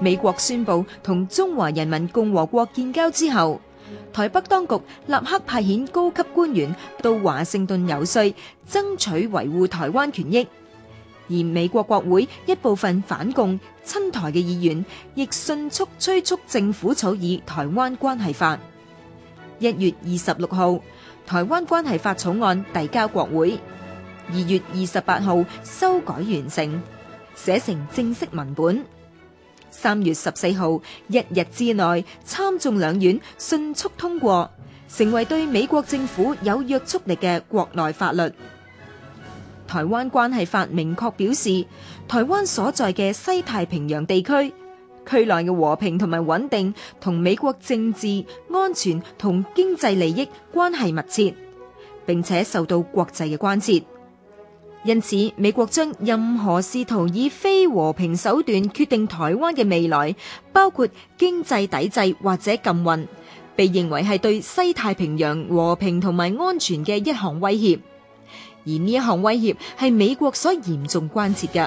美國宣布同中華人民共和國建交之後，台北當局立刻派遣高級官員到華盛頓游說，爭取維護台灣權益。而美國國會一部分反共親台嘅議員，亦迅速催促政府草擬《台灣關係法》。一月二十六號，《台灣關係法》草案遞交國會，二月二十八號修改完成，寫成正式文本。3月14號，一日之內參眾兩院迅速通過，成為對美國政府有約束力的國內法律。台灣關係法明確表示，台灣所在的西太平洋地區，區內的和平同埋穩定，同美國政治安全同經濟利益關係密切，並且受到國際的關切。因此，美國將任何試圖以非和平手段決定台灣嘅未來，包括經濟抵制或者禁運，被認為係對西太平洋和平同埋安全嘅一項威脅。而呢一項威脅係美國所嚴重關切嘅。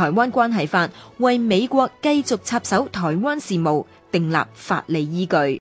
《台灣關係法》為美國繼續插手台灣事務訂立法理依據。